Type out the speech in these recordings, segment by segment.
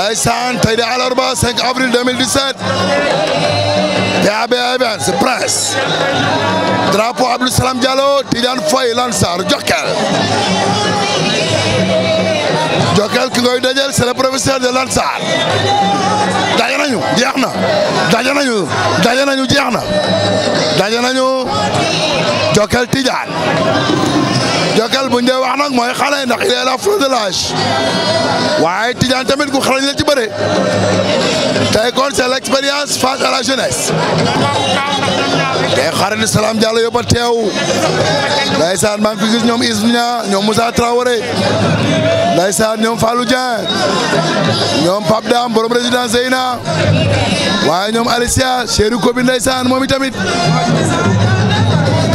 ndeysaan tey di àllarba 5 avril 2017 PAB Events Prince drapeau Abdou Salam Diallo Tidiane Faye Lansar Jokal Jokal ki ngoy dajal c'est le professeur de Lansar daje nañu jeex na daje nañu daje nañu jeex na Jokal Tijaan Jokal bu ñu wax nag mooy xale ndax il est la fleur de l'âge waaye Tijaan tamit ku xarañ la ci bëre tey kon c'est l'expérience face à la jeunesse tey xarit Salam Diallo yóbba teew ndaysaan maa ngi fi gis ñoom Ismia ñoom Moussa Traoré ndaysaan ñoom Fallou Dieng ñoom Pape Dam borom résidence Zeyna waaye ñoom Alicia chéri ko bi ndaysaan moom itamit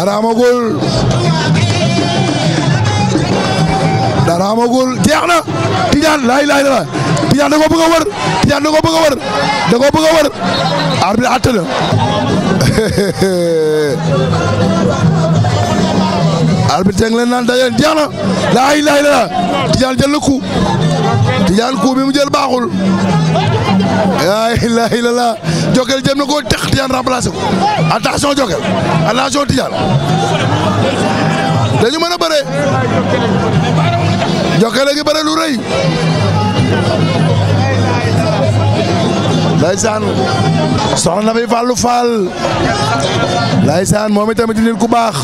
dara amagul dara amagul jeex na Tidiane laay laay la Tidiane da koo bëgg a wër Tidiane da koo bëgg a wër da koo bëgg a wër arbitre àtte na arbitre ngi leen naan dajale Tidiane laa ilaha illallah Tidiane jël na coup Tidiane coup bi mu jël baaxul laa ilaha illallah Jokal jëm na ko tax Tidiane remplacé ko attention Jokal attention Tidiane dañu mën a bëree Jokal a ngi bëre lu rëy Laysaan fi Fallou Fall Laysaan moom itamit di nit ku baax.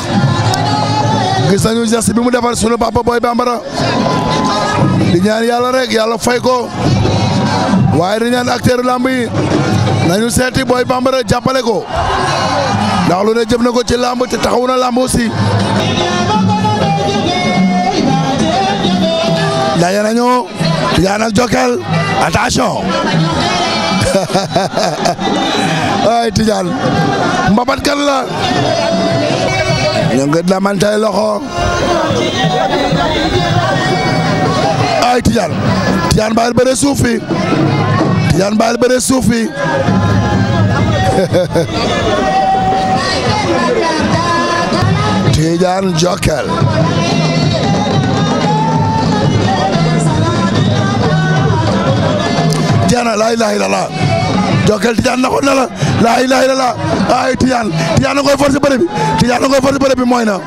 gis nañu geste bi mu defar sunu papa Boy Bambara di ñaan yàlla rek yàlla fay ko waaye di ñaan acteur lamb yi nañu seeti Boy Bambara jàppale ko ndax lu ne jëf na ko ci lamb te taxawu na lamb aussi. daje nañu Tidiane ak Jokal attention ay Tidiane mbabat kan la. ñu ngi damantay loxo ay Tidiane Tidiane bàyyil bëre suuf fi Tidiane bàyyil bëre suuf fi Tidiane Jokal Tidiane laa ilaaha illallaah Jokal Tidiane naxoon na la laa ilaaha illallaah ay Tidiane Tidiane ngoy force force bëre bi mooy na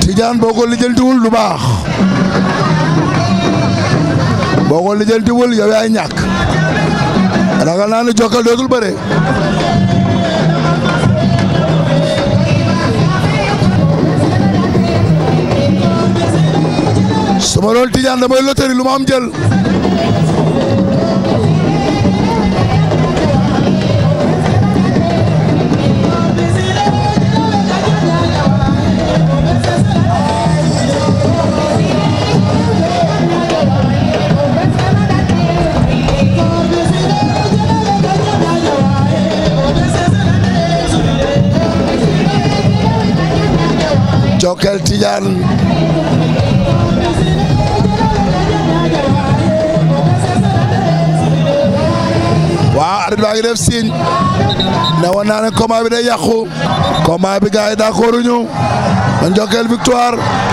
Tidiane boo ko lijjantiwul lu baax boo ko lijjantiwul yow yaay ñàkk ragal naa ne Jokal dootul bëre su ma doon tijaan damay loterie lu ma am jël Cokkel Tidiane waaw arbitre baa ngi def signe ne woon naa ne combat bi day yàqu combat bi gars yi d'accorduñu Cokkel victoire